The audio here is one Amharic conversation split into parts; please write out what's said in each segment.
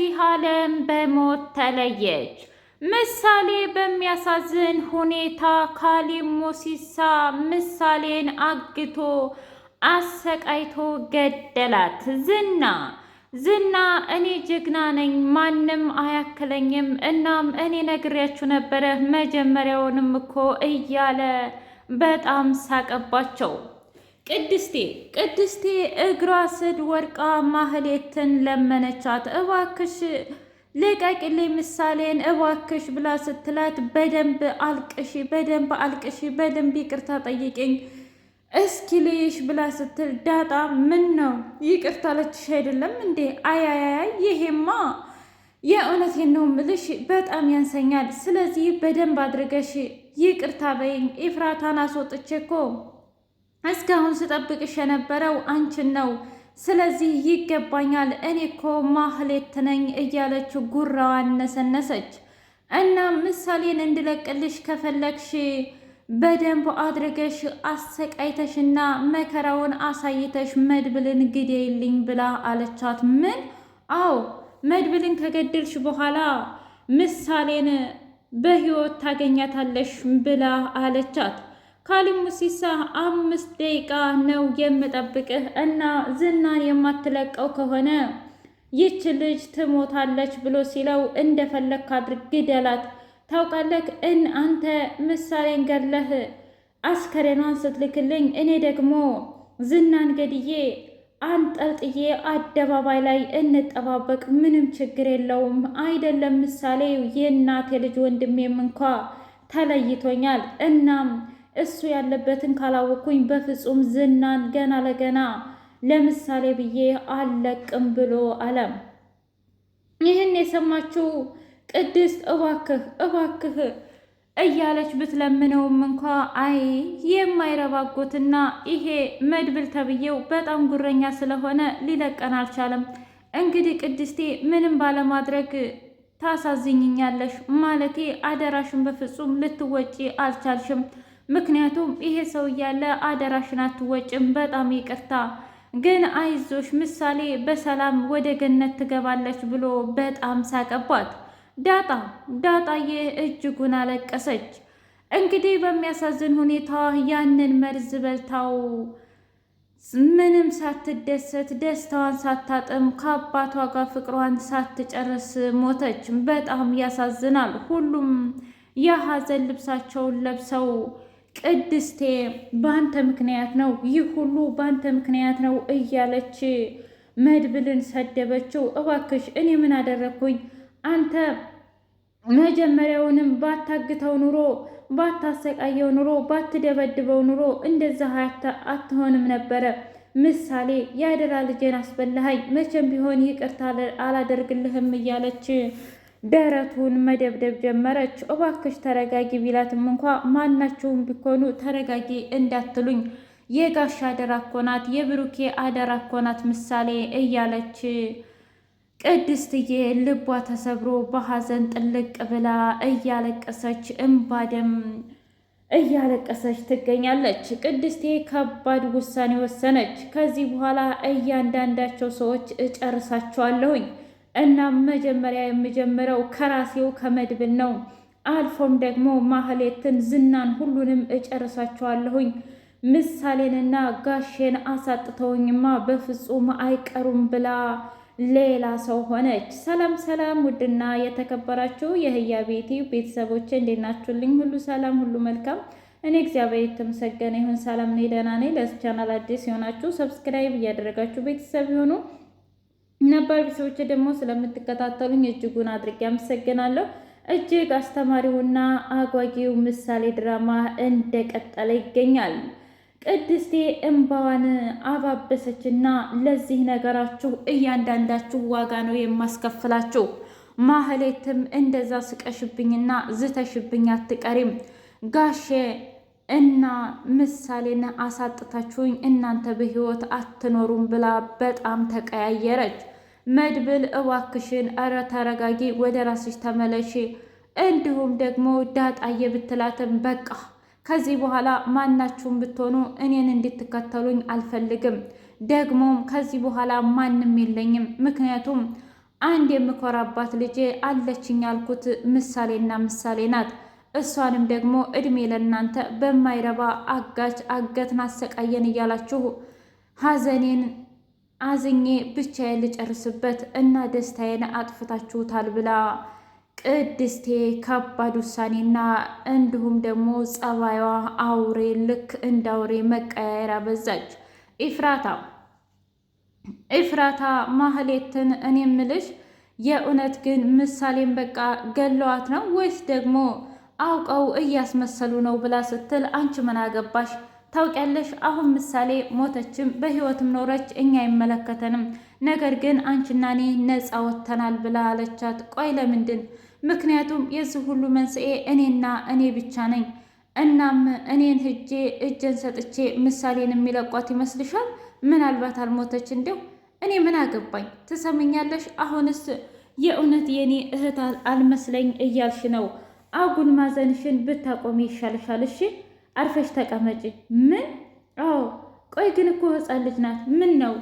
ከዚህ ዓለም በሞት ተለየች። ምሳሌ በሚያሳዝን ሁኔታ ካሌብ ሞሲሳ ምሳሌን አግቶ አሰቃይቶ ገደላት። ዝና ዝና እኔ ጀግና ነኝ፣ ማንም አያክለኝም፣ እናም እኔ ነግሬያችሁ ነበረ መጀመሪያውንም እኮ እያለ በጣም ሳቀባቸው። ቅድስቴ ቅድስቴ እግሯ ስድ ወድቃ ማህሌትን ለመነቻት። እባክሽ ልቀቅልኝ ምሳሌን እባክሽ ብላ ስትላት በደንብ አልቅሺ፣ በደንብ አልቅሺ፣ በደንብ ይቅርታ ጠይቅኝ እስኪ ብላ ስትል ዳጣ ምን ነው ይቅርታ ለችሽ አይደለም እንዴ? አያያያይ ይሄማ የእውነቴን ነው ምልሽ በጣም ያንሰኛል። ስለዚህ በደንብ አድርገሽ ይቅርታ በይኝ። ኢፍራታን አስወጥቼ እኮ እስካሁን ስጠብቅሽ የነበረው አንቺን ነው። ስለዚህ ይገባኛል፣ እኔ እኮ ማህሌት ነኝ እያለች ጉራዋን ነሰነሰች። እና ምሳሌን እንድለቅልሽ ከፈለግሽ በደንብ አድርገሽ አሰቃይተሽና መከራውን አሳይተሽ መድብልን ግደይልኝ ብላ አለቻት። ምን? አዎ መድብልን ከገደልሽ በኋላ ምሳሌን በህይወት ታገኛታለሽ ብላ አለቻት። ካሊሙ ሲሳ አምስት ደቂቃ ነው የምጠብቅህ እና ዝናን የማትለቀው ከሆነ ይች ልጅ ትሞታለች ብሎ ሲለው እንደፈለግክ አድርግ ግደላት። ታውቃለህ እን አንተ ምሳሌን ገለህ አስከሬኗን ስትልክልኝ እኔ ደግሞ ዝናን ገድዬ አንጠልጥዬ አደባባይ ላይ እንጠባበቅ። ምንም ችግር የለውም አይደለም ምሳሌ የእናቴ ልጅ ወንድሜም እንኳ ተለይቶኛል እናም እሱ ያለበትን ካላወቅኩኝ በፍጹም ዝናን ገና ለገና ለምሳሌ ብዬ አልለቅም ብሎ አለም። ይህን የሰማችው ቅድስት እባክህ እባክህ እያለች ብትለምነውም እንኳ አይ የማይረባጎትና ይሄ መድብል ተብዬው በጣም ጉረኛ ስለሆነ ሊለቀን አልቻለም። እንግዲህ ቅድስቴ ምንም ባለማድረግ ታሳዝኝኛለሽ፣ ማለቴ አደራሽን በፍጹም ልትወጪ አልቻልሽም። ምክንያቱም ይሄ ሰው እያለ አደራሽን አትወጭም። በጣም ይቅርታ ግን አይዞሽ ምሳሌ በሰላም ወደ ገነት ትገባለች ብሎ በጣም ሳቀባት። ዳጣ ዳጣዬ እጅጉን አለቀሰች። እንግዲህ በሚያሳዝን ሁኔታ ያንን መርዝ በልታው ምንም ሳትደሰት ደስታዋን ሳታጥም ከአባቷ ጋር ፍቅሯን ሳትጨርስ ሞተች። በጣም ያሳዝናል። ሁሉም የሀዘን ልብሳቸውን ለብሰው ቅድስቴ በአንተ ምክንያት ነው ይህ ሁሉ በአንተ ምክንያት ነው እያለች መድብልን ሰደበችው። እባክሽ እኔ ምን አደረግኩኝ? አንተ መጀመሪያውንም ባታግተው ኑሮ ባታሰቃየው ኑሮ ባትደበድበው ኑሮ እንደዛ አትሆንም ነበረ። ምሳሌ የአደራ ልጄን አስበላሃኝ፣ መቼም ቢሆን ይቅርታ አላደርግልህም እያለች ደረቱን መደብደብ ጀመረች። እባክሽ ተረጋጊ ቢላትም እንኳ ማናችሁም ቢኮኑ ተረጋጊ እንዳትሉኝ የጋሽ አደራ እኮ ናት፣ የብሩኬ አደራ እኮ ናት ምሳሌ እያለች ቅድስትዬ ልቧ ተሰብሮ በሐዘን ጥልቅ ብላ እያለቀሰች እምባደም እያለቀሰች ትገኛለች። ቅድስቴ ከባድ ውሳኔ ወሰነች። ከዚህ በኋላ እያንዳንዳቸው ሰዎች እጨርሳቸዋለሁኝ እና መጀመሪያ የምጀምረው ከራሴው ከመድብል ነው። አልፎም ደግሞ ማህሌትን፣ ዝናን ሁሉንም እጨርሳቸዋለሁኝ። ምሳሌንና ጋሼን አሳጥተውኝማ በፍጹም አይቀሩም ብላ ሌላ ሰው ሆነች። ሰላም ሰላም! ውድና የተከበራችሁ የህያ ቤቴ ቤተሰቦች እንዴት ናችሁልኝ? ሁሉ ሰላም፣ ሁሉ መልካም። እኔ እግዚአብሔር የተመሰገነ ይሁን ሰላም ነኝ፣ ደህና ነኝ። ለዚህ ቻናል አዲስ የሆናችሁ ሰብስክራይብ እያደረጋችሁ ቤተሰብ የሆኑ ነባር ሰዎች ደግሞ ስለምትከታተሉኝ እጅጉን አድርጌ አመሰግናለሁ። እጅግ አስተማሪውና አጓጊው ምሳሌ ድራማ እንደቀጠለ ይገኛል። ቅድስቴ እምባዋን አባበሰችና ለዚህ ነገራችሁ እያንዳንዳችሁ ዋጋ ነው የማስከፍላችሁ። ማህሌትም እንደዛ ስቀሽብኝና ዝተሽብኝ አትቀሪም ጋሼ እና ምሳሌን አሳጥታችሁኝ እናንተ በህይወት አትኖሩም ብላ በጣም ተቀያየረች። መድብል እባክሽን፣ እረ ተረጋጊ፣ ወደ ራስሽ ተመለሽ። እንዲሁም ደግሞ ዳጣዬ ብትላትም በቃ ከዚህ በኋላ ማናችሁም ብትሆኑ እኔን እንድትከተሉኝ አልፈልግም። ደግሞም ከዚህ በኋላ ማንም የለኝም። ምክንያቱም አንድ የምኮራባት ልጄ አለችኝ ያልኩት ምሳሌና ምሳሌ ናት። እሷንም ደግሞ እድሜ ለእናንተ በማይረባ አጋች አገትን አሰቃየን እያላችሁ ሀዘኔን አዝኜ ብቻዬን ልጨርስበት እና ደስታዬን አጥፍታችሁታል ብላ ቅድስቴ ከባድ ውሳኔና እንዲሁም ደግሞ ጸባይዋ አውሬ ልክ እንደ አውሬ መቀያየር አበዛች። ኢፍራታ ኢፍራታ ማህሌትን እኔ ምልሽ የእውነት ግን ምሳሌን በቃ ገለዋት ነው ወይስ ደግሞ አውቀው እያስመሰሉ ነው ብላ ስትል አንቺ ምን አገባሽ? ታውቂያለሽ፣ አሁን ምሳሌ ሞተችም በህይወትም ኖረች እኛ አይመለከተንም። ነገር ግን አንቺና እኔ ነፃ ወጥተናል ብላ አለቻት። ቆይ ለምንድን? ምክንያቱም የዚህ ሁሉ መንስኤ እኔና እኔ ብቻ ነኝ። እናም እኔን ህጄ እጄን ሰጥቼ ምሳሌን የሚለቋት ይመስልሻል? ምናልባት አልሞተች እንደው እኔ ምን አገባኝ? ትሰምኛለሽ? አሁንስ የእውነት የእኔ እህት አልመስለኝ እያልሽ ነው አጉል ማዘንሽን ብታቆሚ ይሻልሻል። እሺ አርፈሽ ተቀመጪ። ምን? አዎ። ቆይ ግን እኮ ህፃን ልጅ ናት። ምን ነው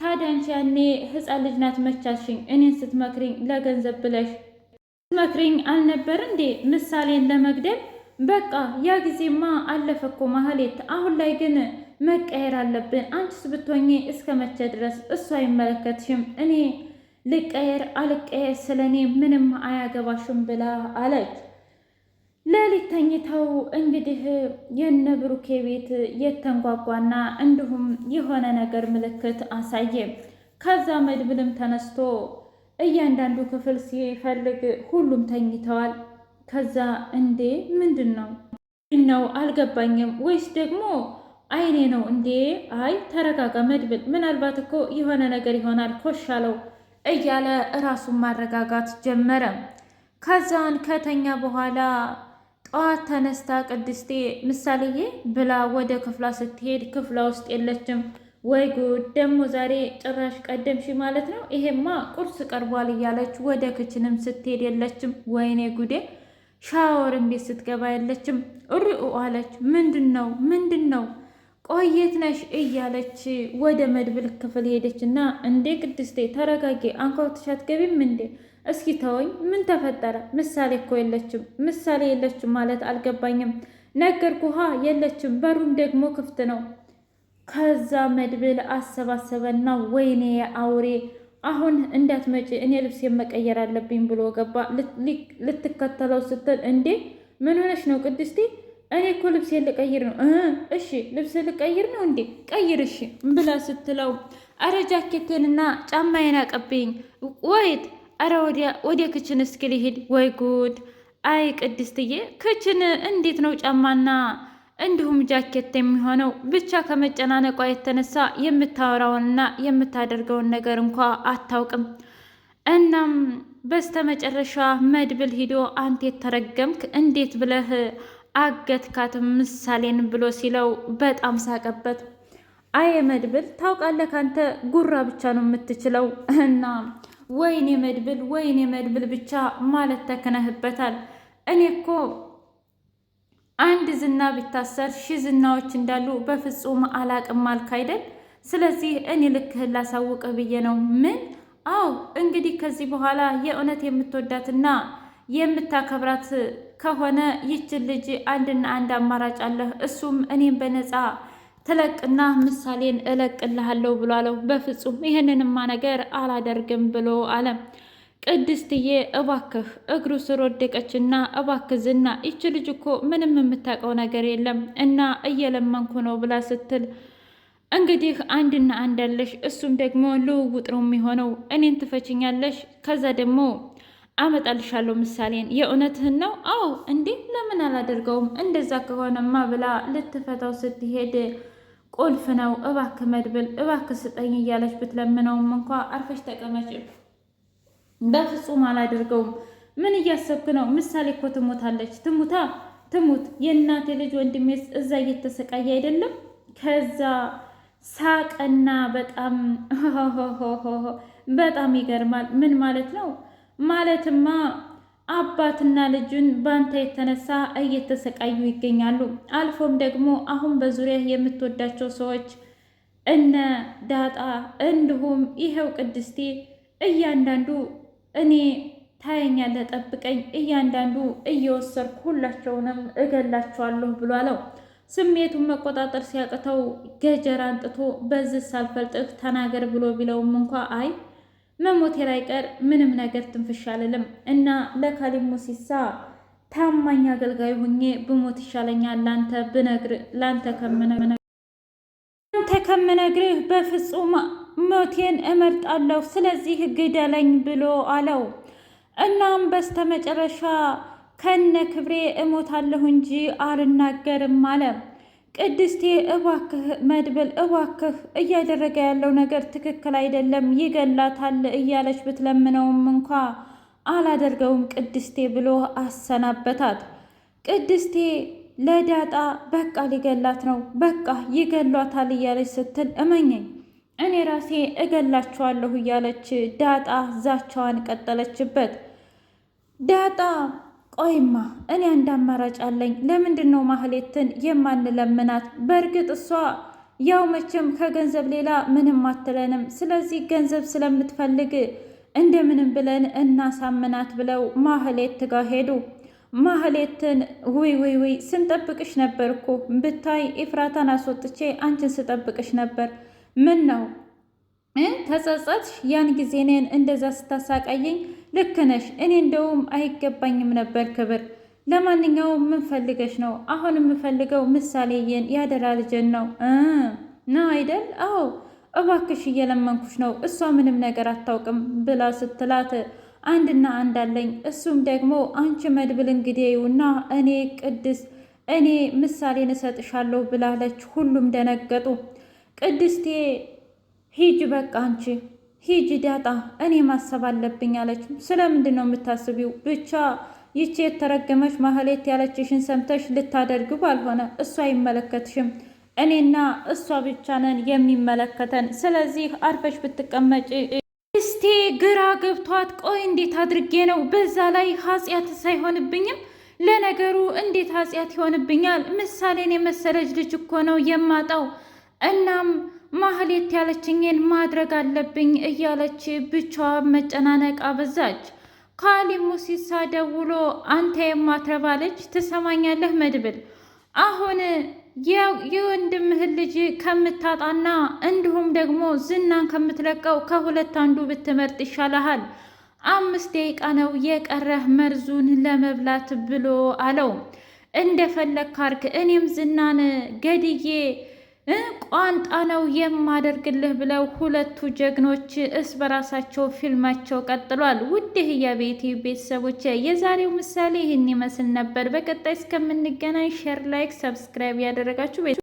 ታዲያ አንቺ ያኔ ህፃን ልጅ ናት መቻልሽኝ። እኔን ስትመክሪኝ ለገንዘብ ብለሽ ስትመክሪኝ አልነበር እንዴ? ምሳሌን ለመግደል በቃ ያ ጊዜማ አለፈ እኮ ማህሌት። አሁን ላይ ግን መቀየር አለብን። አንቺስ ብትሆኚ እስከ መቼ ድረስ? እሱ አይመለከትሽም። እኔ ልቀየር አልቀየር ስለኔ ምንም አያገባሽም ብላ አለች። ሌሊት ተኝተው እንግዲህ የነ ብሩኬ ቤት የተንጓጓና እንዲሁም የሆነ ነገር ምልክት አሳየ። ከዛ መድብልም ተነስቶ እያንዳንዱ ክፍል ሲፈልግ ሁሉም ተኝተዋል። ከዛ እንዴ ምንድን ነው ነው አልገባኝም፣ ወይስ ደግሞ አይኔ ነው እንዴ? አይ ተረጋጋ መድብል፣ ምናልባት እኮ የሆነ ነገር ይሆናል ኮሽ አለው እያለ እራሱን ማረጋጋት ጀመረ። ከዛን ከተኛ በኋላ ጠዋት ተነስታ ቅድስቴ ምሳሌዬ ብላ ወደ ክፍላ ስትሄድ ክፍላ ውስጥ የለችም። ወይ ጉድ! ደግሞ ዛሬ ጭራሽ ቀደምሽ ማለት ነው። ይሄማ ቁርስ ቀርቧል እያለች ወደ ክችንም ስትሄድ የለችም። ወይኔ ጉዴ! ሻወር እንዴት ስትገባ የለችም። ርኡ አለች። ምንድን ነው ምንድን ነው? ቆየት ነሽ እያለች ወደ መድብል ክፍል ሄደች እና እንዴ ቅድስቴ ተረጋጌ፣ አንኳኩተሽ አትገቢም እንዴ? እስኪ ተወኝ። ምን ተፈጠረ? ምሳሌ እኮ የለችም። ምሳሌ የለችም ማለት አልገባኝም። ነገርኩህ፣ የለችም። በሩም ደግሞ ክፍት ነው። ከዛ መድብል አሰባሰበና ወይኔ አውሬ አሁን እንዳትመጪ እኔ ልብስ መቀየር አለብኝ ብሎ ገባ። ልትከተለው ስትል እንዴ ምን ሆነች ነው ቅድስቴ? እኔ እኮ ልብስ ልቀይር ነው። እሺ ልብስ ልቀይር ነው እንዴ? ቀይር እሺ ብላ ስትለው አረ ጃኬቴንና ጫማዬን አቀብኝ ወይት አረ ወዲያ ወዲያ ክችን እስኪ ልሂድ። ወይ ጉድ! አይ ቅድስትዬ፣ ክችን እንዴት ነው ጫማና እንዲሁም ጃኬት የሚሆነው? ብቻ ከመጨናነቋ የተነሳ የምታወራውንና የምታደርገውን ነገር እንኳ አታውቅም። እናም በስተመጨረሻ መድብል ሂዶ አንተ የተረገምክ እንዴት ብለህ አገትካት ምሳሌን ብሎ ሲለው በጣም ሳቀበት። አየ መድብል ታውቃለህ፣ ካንተ ጉራ ብቻ ነው የምትችለው እና ወይኔ መድብል ወይኔ መድብል ብቻ ማለት ተክነህበታል። እኔ እኮ አንድ ዝና ቢታሰር ሺህ ዝናዎች እንዳሉ በፍጹም አላቅም አልክ አይደል? ስለዚህ እኔ ልክህን ላሳውቅህ ብዬ ነው። ምን? አዎ እንግዲህ ከዚህ በኋላ የእውነት የምትወዳትና የምታከብራት ከሆነ ይችን ልጅ አንድና አንድ አማራጭ አለህ። እሱም እኔም በነፃ ትለቅና ምሳሌን እለቅልሃለሁ ብሎ አለው። በፍጹም ይህንንማ ነገር አላደርግም ብሎ አለ። ቅድስትዬ እባክህ እግሩ ስር ወደቀችና እባክህ ዝና ይች ልጅ እኮ ምንም የምታውቀው ነገር የለም እና እየለመንኩ ነው ብላ ስትል እንግዲህ አንድና አንድ አለሽ፣ እሱም ደግሞ ልውውጥ ነው የሚሆነው። እኔን ትፈችኛለሽ፣ ከዛ ደግሞ አመጣልሻለሁ ምሳሌን። የእውነትህን ነው? አዎ። እንዴ ለምን አላደርገውም? እንደዛ ከሆነማ ብላ ልትፈታው ስትሄድ ቁልፍ ነው እባክ መድብል እባክ ስጠኝ እያለች ብትለምነውም እንኳ አርፈሽ ተቀመጭ፣ በፍጹም አላደርገውም። ምን እያሰብክ ነው? ምሳሌ እኮ ትሞታለች። ትሙታ ትሙት፣ የእናቴ ልጅ ወንድሜስ እዛ እየተሰቃየ አይደለም? ከዛ ሳቀና በጣም በጣም ይገርማል። ምን ማለት ነው ማለትማ አባትና ልጁን በአንተ የተነሳ እየተሰቃዩ ይገኛሉ። አልፎም ደግሞ አሁን በዙሪያ የምትወዳቸው ሰዎች እነ ዳጣ እንዲሁም ይኸው ቅድስቴ እያንዳንዱ እኔ ታየኛለህ፣ ጠብቀኝ፣ እያንዳንዱ እየወሰድኩ ሁላቸውንም እገላቸዋለሁ ብሎ አለው። ስሜቱን መቆጣጠር ሲያቅተው ገጀራ አንጥቶ በዚህ ሳልፈልጥህ ተናገር ብሎ ቢለውም እንኳ አይ መሞቴ ላይቀር ምንም ነገር ትንፍሻ አልልም እና ለካሊም ሙሲሳ ታማኝ አገልጋይ ሁኜ ብሞት ይሻለኛል ላንተ ብነግር ላንተ ከምነግርህ በፍጹም ሞቴን እመርጣለሁ። ስለዚህ ግደለኝ ብሎ አለው። እናም በስተመጨረሻ ከነ ክብሬ እሞታለሁ እንጂ አልናገርም አለ። ቅድስቴ እባክህ መድብል እባክህ እያደረገ ያለው ነገር ትክክል አይደለም፣ ይገላታል እያለች ብትለምነውም እንኳ አላደርገውም ቅድስቴ ብሎ አሰናበታት። ቅድስቴ ለዳጣ በቃ ሊገላት ነው፣ በቃ ይገሏታል እያለች ስትል እመኘኝ እኔ ራሴ እገላችኋለሁ እያለች ዳጣ ዛቻዋን ቀጠለችበት። ዳጣ ቆይማ እኔ አንድ አማራጭ አለኝ። ለምንድን ነው ማህሌትን የማንለምናት? በእርግጥ እሷ ያው መቼም ከገንዘብ ሌላ ምንም አትለንም። ስለዚህ ገንዘብ ስለምትፈልግ እንደምንም ብለን እናሳምናት ብለው ማህሌት ጋ ሄዱ። ማህሌትን ውይ ውይ ውይ ስንጠብቅሽ ነበር እኮ ብታይ ኤፍራታን አስወጥቼ አንቺን ስጠብቅሽ ነበር። ምን ነው ተጸጸት ያን ጊዜ እኔን እንደዛ ስታሳቃየኝ ልክ ነሽ። እኔ እንደውም አይገባኝም ነበር ክብር። ለማንኛውም ምን ፈልገሽ ነው? አሁን የምፈልገው ምሳሌዬን ያደራ ልጀን ነው ነው አይደል? አዎ እባክሽ እየለመንኩሽ ነው። እሷ ምንም ነገር አታውቅም ብላ ስትላት አንድና አንድ አለኝ። እሱም ደግሞ አንቺ መድብል እንግዲውና እኔ ቅድስት እኔ ምሳሌን እሰጥሻለሁ ብላለች። ሁሉም ደነገጡ። ቅድስቴ ሂጅ በቃ አንቺ ሂጅ ዳጣ፣ እኔ ማሰብ አለብኝ አለች። ስለምንድን ነው የምታስቢው? ብቻ ይቺ የተረገመች ማህሌት ያለችሽን ሰምተሽ ልታደርግ ባልሆነ እሱ አይመለከትሽም። እኔና እሷ ብቻ ነን የሚመለከተን። ስለዚህ አርፈሽ ብትቀመጭ። እስቲ። ግራ ገብቷት ቆይ እንዴት አድርጌ ነው በዛ ላይ ኃጢአት ሳይሆንብኝም ለነገሩ እንዴት ኃጢአት ይሆንብኛል? ምሳሌን የመሰለች ልጅ እኮ ነው የማጣው። እናም ማህሌት ያለችኝን ማድረግ አለብኝ እያለች ብቻ መጨናነቅ አበዛች። ካሊሙ ሲሳደውሎ ደውሎ አንተ የማትረባ ልጅ ትሰማኛለህ? መድብል አሁን የወንድምህን ልጅ ከምታጣና እንዲሁም ደግሞ ዝናን ከምትለቀው ከሁለት አንዱ ብትመርጥ ይሻልሃል። አምስት ደቂቃ ነው የቀረህ መርዙን ለመብላት ብሎ አለው። ፈለግ ካርክ እኔም ዝናን ገድዬ ቋንጣ ነው የማደርግልህ ብለው ሁለቱ ጀግኖች እስ በራሳቸው ፊልማቸው ቀጥሏል። ውድህ የቤቴ ቤተሰቦች የዛሬው ምሳሌ ይህን ይመስል ነበር። በቀጣይ እስከምንገናኝ ሼር፣ ላይክ፣ ሰብስክራይብ ያደረጋችሁ